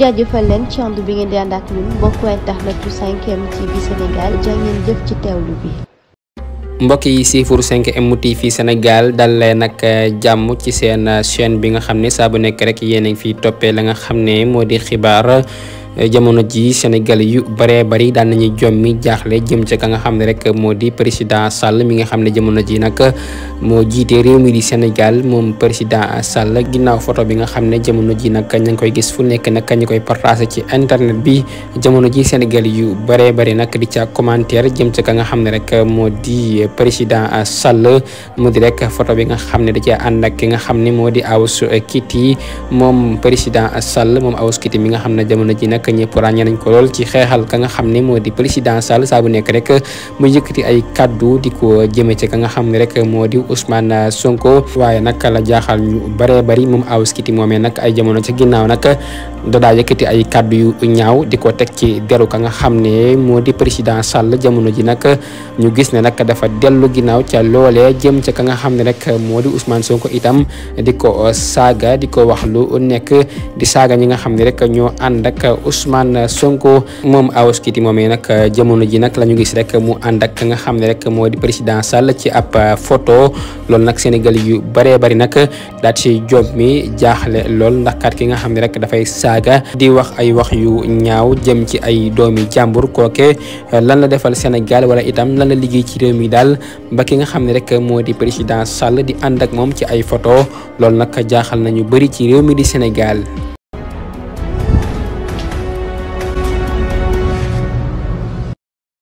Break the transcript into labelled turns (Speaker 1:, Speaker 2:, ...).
Speaker 1: jaajëfal leen ci ànd bi ngeen di ànd ak ñun mbokku internet bu m TV Sénégal jàngeen jëf ci teewlu bi. mbokk yi siifur 5M TV Sénégal dal leen nag eh, jàmm ci seen eh, chaîne bi nga xam ne saa bu nekk rek yéen a ngi fiy toppee la nga xam ne moo di xibaar. jamono ji Sénégal yu baree bari daan nañuy jommi jaaxle jëm ca ka nga xam ne rek moo di président Sall mi nga xam ne jamono ji nag moo jiite réew mi di Sénégal moom président Sall ginnaaw photo bi nga xam ne jamono ji nag ña ngi koy gis fu nekk nag ñu koy partagé ci internet bi jamono ji Sénégal yu baree bari nag di ca commentaire jëm ca ka nga xam ne rek moo di président Sall mu di rek photo bi nga xam ne da cee ànd ak ki nga xam ne moo di Awoush Kitty moom président Sall moom Awoush Kitty mi nga xam ne jamono ji nag nag ñëpp ràññee nañ ko ka nga di président Sall saa bu di ko jëme ci ka nga xam ne rek moo di Ousmane Sonko waaye nag la jaaxal ñu bëree bëri moom ci ginnaaw nag dadaa yëkkati ay kaddu yu ñaaw di ko teg ci deru ka nga xam ne moo di président Sall jamono ji nag ñu gis ne nag dafa dellu ginnaaw ca loolee jëm ca ka nga xam ne rek moo di Ousmane Sonko itam di ko saaga di ko wax lu nekk di saaga ñi nga xam ne rek ñoo ànd ak Ousmane Sonko moom Awas Kiti moomee nag euh, jamono ji nag la ñu gis rek mu ànd ak nga xam ne rek moo di président Sall ci ab euh, photo loolu nag Sénégal yu bëree bëri nag daat si job mi jaaxle lool ndax ki nga xam ne rek dafay saaga di wax ay wax yu ñaaw jëm ci ay doomi jàmbur kooke euh, lan la defal Sénégal wala itam lan la liggéey ci réew mi daal ba ki nga xam ne rek moo di président Sall di ànd ak moom ci ay photo loolu nag jaaxal nañu bëri ci réew mi di Sénégal